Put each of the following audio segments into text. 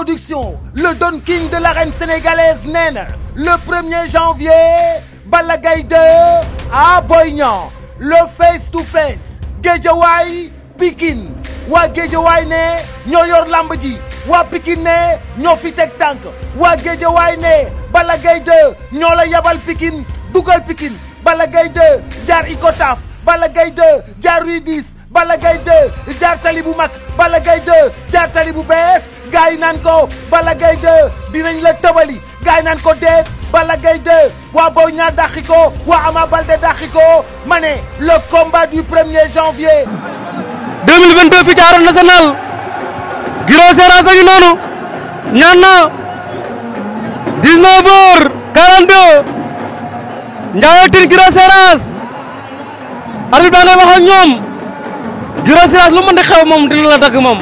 production le Don King de l'arène sénégalaise nee na le premier janvier Balla Gaye 2 à Boy Niang le face to face Guédiawaye Pikine waa Guédiawaye ne ñoo yor lamb ji waa Pikine ne ñoo fi teg tànk waa Guédiawaye ne Balla Gaye 2 ñoo la yabal Pikine dugal Pikine Balla Gaye 2 jaar Ikotaf Balla Gaye 2 jaar Rue 10 Balla Gaye 2 jaar tali bu mag Balla Gaye 2 jaar tali gars yi naan ko Balla Gaye dinañ la tëbali gars yi naan ko déet Balla Gaye 2 waa Boy Niang ko waa Ama Baldé dàqi ko ma le combat du 1 janvier. 2022 fii ci Arène Nationale. noonu. ñaan na 19 heures 42. Ndiaye Tine Guiro Seras. arbitre bi da ngay wax ak ñoom. Guiro lu mën di xew moom dina la dagg moom.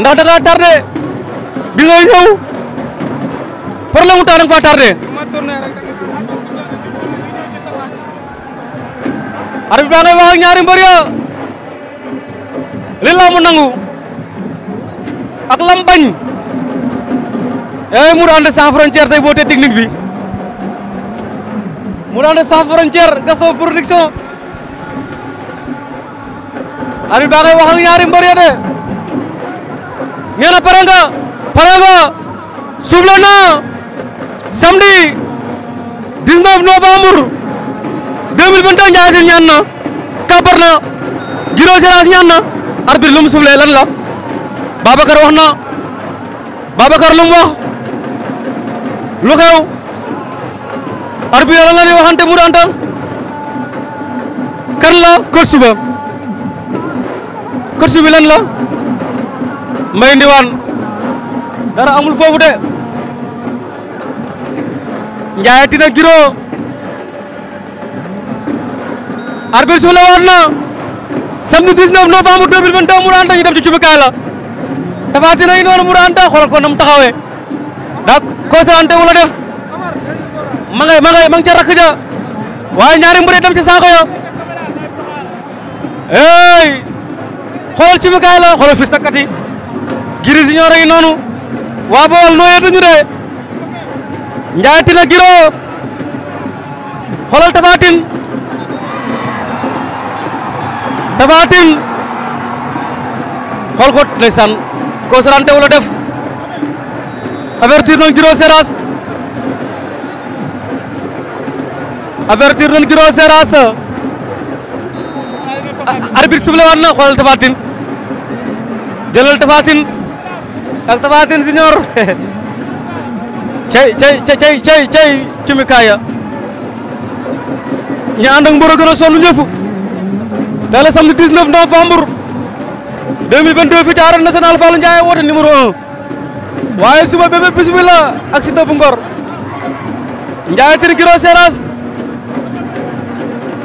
ndax da ngaa tardé bi ngay ñëw problème mu temps da nga faa tardé. baa ngay wax ñaari mbër ya li laamu nangu ak lam bañ ey eh, mu daan de sans frontière tey boo tee technique bi mu daan de sans frontière Gaston Production arbitre baa ngay wax ñaari mbër de nee na pare nga pare nga soufflé na samedi 19 novembre 2021 ñaan na kàppar na Guiro Seras ñaan na arbitre lu mu soufflé lan la Babacar wax na Babacar lu mu wax lu xew arbitre lan la ni waxante mu antal kan la coach ba coach bi lan la Mbay Ndiwane dara amul foofu de Ndiaye tina giro arbitre suuf la waat na samedi 19 novembre 2022 Mourou Anta ñu dem ci cubukaay la Tapha Tine ngi noonu Mourou Anta xoolal ko nam taxawee daa constaté wu la def ma ngay ma ngay ma ngi ca rakk ja waaye ñaari mbër dem ci saako ya hey xoolal cubukaay la xoolal fis na Gris Junior a ngi noonu waa Bawol nooyeetuñu de Ndiaye Tine ak Giro xoolal Tapha Tine Tapha ko ndeysaan ko sarante def avertir nañ Giro Seras avertir nañ Giro Seras arbitre suble waat na xoolal Tapha Tine ak Tapha Tine Junior cey cey cey cey cey cumi kaaya ñu ànd ak mbër a gën a sonn ñëpp tey la samedi 19 novembre 2022 fii ci arène nationale Fallou Ndiaye woote numéro 1 waaye suba bébé bismillah ak Siteu Ngor Ndiaye Tine Guiro Seras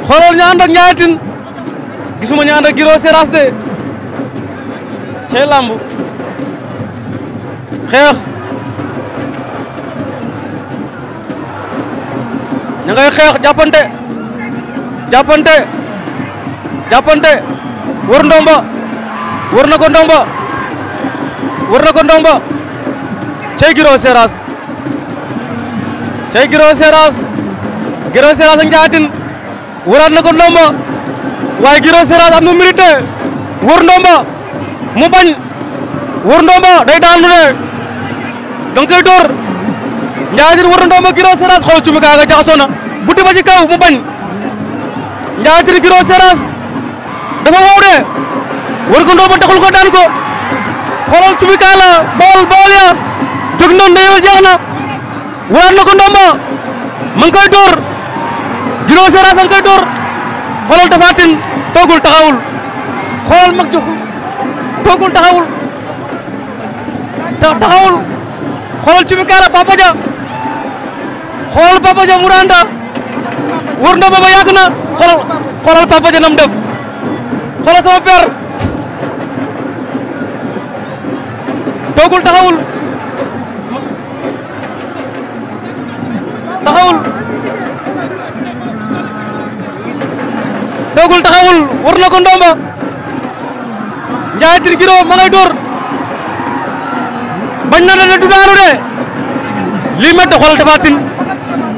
xoolal ñu ànd ak Ndiaye gisuma ñu ànd ak Guiro de cey lamb xeex ña ngay xeex jàppante jàppante jàppante wër ndomba wër na ko ndomba wër na ko ndomba cey Guiro Seras cey Guiro Seras Guiro Seras ak Ndiakhate wëraat na ko ndomba waaye Guiro Seras am na milité wër ndomba mu bañ wër ndomba day daanu ne da door Ndiaye Tine war na ndomba Guiro Seras xool cumi kaa nga ba ci kaw mu bañ Ndiaye Tine Guiro dafa wow de war ko ndomba taxul ko daan ko xoolal cumi kaa la bool bool ya jóg noonu ne yow jeex na waraat na ko door Guiro Seras a ngi koy door xoolal Tapha Tine taxawul xoolal mag joxul toogul taxawul taxawul xoolal ci bi kaara Papa Dia xoolal Papa Dia mu randa wër na booba xoolal xoolal nam def xoolal sama père toogul taxawul taxawul toogul taxawul wër na ko ndomba Ndiaye Tirigiro ma ngay door bañ na ne du daaru de lii métti xoolal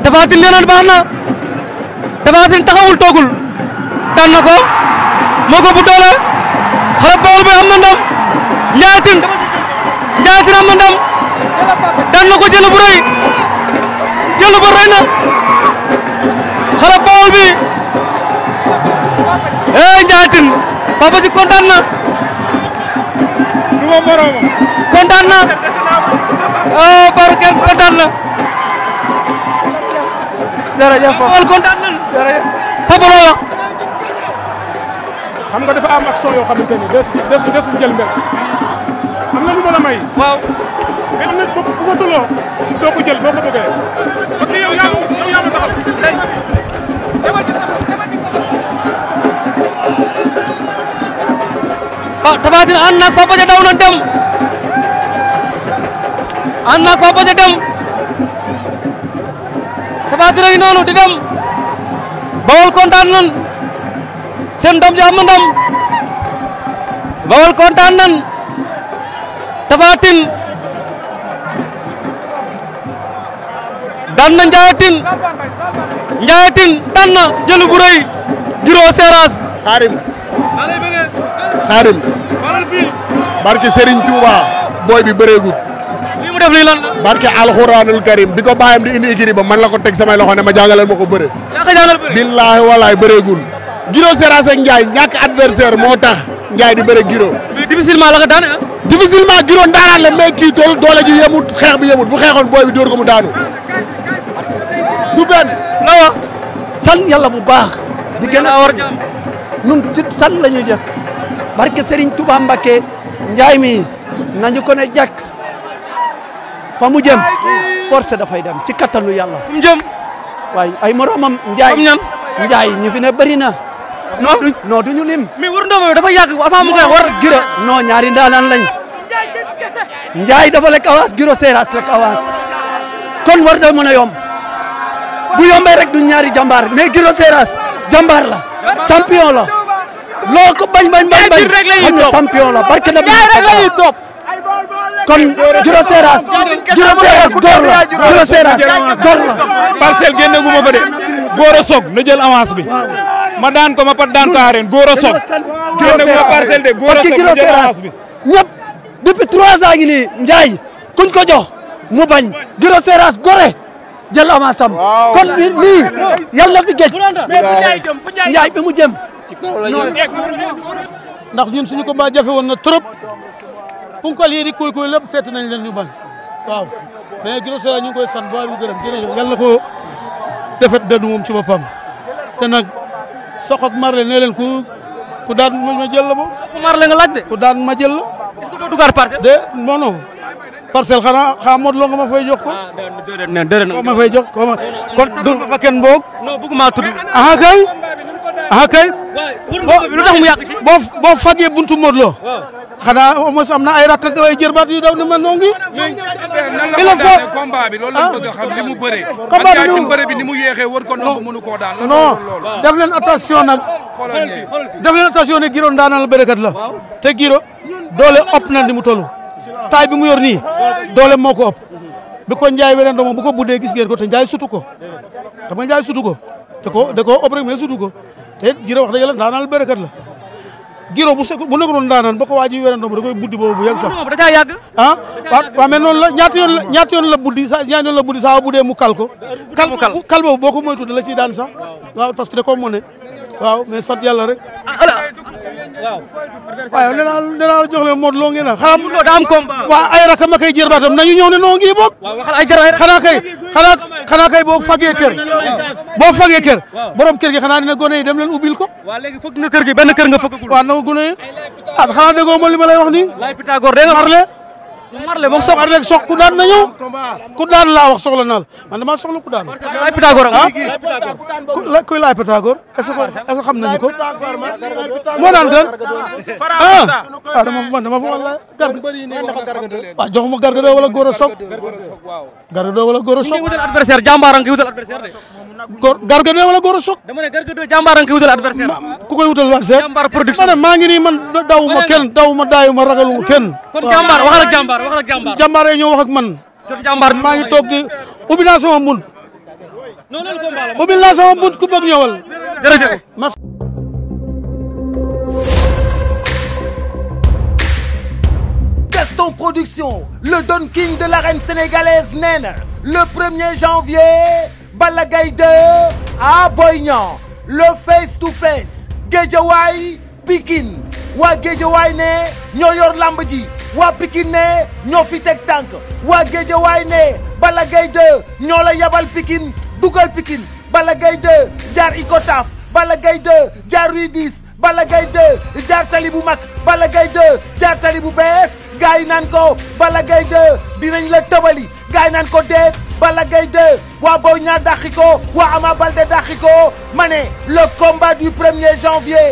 Tapha Tine Tapha Tine nee na taxawul toogul daan ko moo ko bu doole xale Bawol bi am na ndam Ndiaye Tine ko jël bu rëy jël na xale Bawol bi eh Ndiaye Tine kontaan na. kontaan na. oh Baru kontaan na. jërëjëf Baru kontaan na jërëjëf. Papa loo wax. nga dafa am action yoo xamante ni jël mbir am na lu mën a am na bu bu fa tolloo ko jël boo ko bëggee parce que yow yaa yow yaa ma taxaw. Ah, na ak daw na dem. ànd ko opposé dem Tapha Tine ngi noonu di dem Bawol kontaan nan seen ndam ji am na ndam Bawol kontaan nan Tapha Tine daan na Ndiaye Tine Ndiaye Tine daan na jëlu bu rëy Giro Seras xaarim xaarim barki booy bi bëreegut mu def lan la. barke alxuraanul karim bi ko bàyyam di indi écurie ba man la ko teg samay loxo ne ma jàngaleel ma ko bëre. yaa ko jàngal bëre. billaahi walaay bëreegul. Giro Seras ak Ndiaye adversaire moo tax njaay di bëre Giro. mais difficilement la ko daane ah. difficilement Giro ndaanaan la kii tool doole ji yemut xeex bi yemut bu xeexoon booy bi dóor ko mu daanu. du benn. la wax. sant yàlla bu baax. di gën a war nun ci sant la ñu jëkk barke Serigne Touba Mbacké Ndiaye mi nañu ko ne jàkk fa mu jëm force dafay dem ci kattanu yàlla. fu mu jëm. waaye ay moromam. njaay ñan njaay ñi fi ne bëri na. non duñ non duñu lim. mais war ndoom dafa yàgg avant mu koy war. giro non ñaari ndaanaan lañ. njaay dafa lekk avance giro seeraas lekk avance. kon war da mën a yomb. bu yombee rek du ñaari jàmbaar mais giro seeraas jàmbaar la. champion la. loo ko bañ bañ bañ bañ. xam ne champion barke na. rek la kon Juro Seras Juro Seras góor la Juro Seras génne gu ma fa de. góor a soog na jël avance bi. ma daan ko ma pat daan ko arène góor a soog. génne gu ma de góor a soog na jël avance bi. ñëpp depuis trois ans ngi nii Ndiaye kuñ ko jox mu bañ Juro Seras gore jël avance am. kon nii yàlla na fi géej. Ndiaye bi mu jëm. ndax ñun suñu combat jafe woon na trop. punkal yi di kuy kuy lépp seet nañ leen ñu bañ waaw mais Guiro Sera ñu ngi koy sant ba bi gërëm jërëjëf ko defet dënnu moom ci boppam te nag sox ak marle nee leen ku ku daan ma jël la boobu. sox marle de. ku daan ma jël la. est-ce que doo dugaat parcelle. de non non parcelle xanaa xaa Modou Lo ko. ma fay jox ko ma kon du ma a kenn boog. non bëgguma tudd. ah kay. ah kay. Ah, waaw lu tax mu yàgg ci. boo boo fajee buntu Modou Lo. xanaa au moins am na ay rakk ak ay jërbaat yu daw ni ma noo ngi. il le faut combat bi loolu a xam li mu bëree. combat bi ni mu bëree bi ni mu yéexee war ko noo mënu koo daan. non def leen attention nag. def leen attention ne Giro ndaanal bërekat la. te Giro doole ëpp na ni mu toll. taay bi mu yor nii doole moo ko ëpp. bi ko Ndiaye weneen doomam bu ko buddee gis ngeen ko te Ndiaye sutu ko. xam nga Ndiaye sutu ko. da koo da koo ëpp rek mais sutu ko te Giro wax dëgg yàlla ndaanal la. giro bu bu nekkoon daanaan ba ko waa ji werandoo da koy buddi boobu bu sax ah waaw mais la ñaata yoon la buddi sa ñaata yoon mu kal ko kal boobu boo ko moytu da la ciy daan sax waaw parce que da koo waaw mais sant yàlla rek ah, ah, waaw waaw nee naa nee naa jox leen Modou Lo ngeen a xanaa daa am combat waaw ay rakam ak kay xanaa kay boo fagee kër boo fagee kër borom kër gi xanaa dina gone yi dem leen ubbil ko. waaw léegi fëgg nga kër gi benn kër nga fëggagul. waaw na ko gone yi ah xanaa déggoo ma li ma lay wax nii. laay Pythagore dégg Marley boog soog Marley soog ku daan na ñëw ku daan laa wax soxla naa la man damaa soxla ku daan. laay Pythagore ah kuy laay Pythagore est nañu ko moo daan gën ah ah dama man dama foog la garga waaw ah, joxuma garga doo wala góor a soog garga doo wala góor a soog. wutal a ku koy wutal adversaire. jàmbaar ma ne maa ngi nii man dawuma kenn dawuma daayuma jàmbaar yi ñoo wax man. jàmbaar maa ngi toog di ubbi naa sama mbunt. ubbi naa sama mbunt ku bëgg ñëwal. Gaston Production le Don King de l'arène sénégalaise nee na le premier janvier Balla Gaye 2 Boy Niang le face to face Guédiawaye Pikine waa Guédiawaye ne ñoo yor lamb ji. waa Pikine ne ñoo fi teg tànk waa waay ne Balla Gaye 2 ñoo la yabal Pikine dugal Pikine Balla Gaye 2 jaar Icotaf Balla Gaye 2 jaar Rue 10 Balla Gaye 2 jaar tali bu mag Balla Gaye 2 jaar tali bu bees gars naan ko Balla Gaye 2 dinañ la tëbali gars naan ko déet Balla Gaye 2 waa Boy Niang dàqi ko waa Ama Baldé dàqi ko ma ne le du premier janvier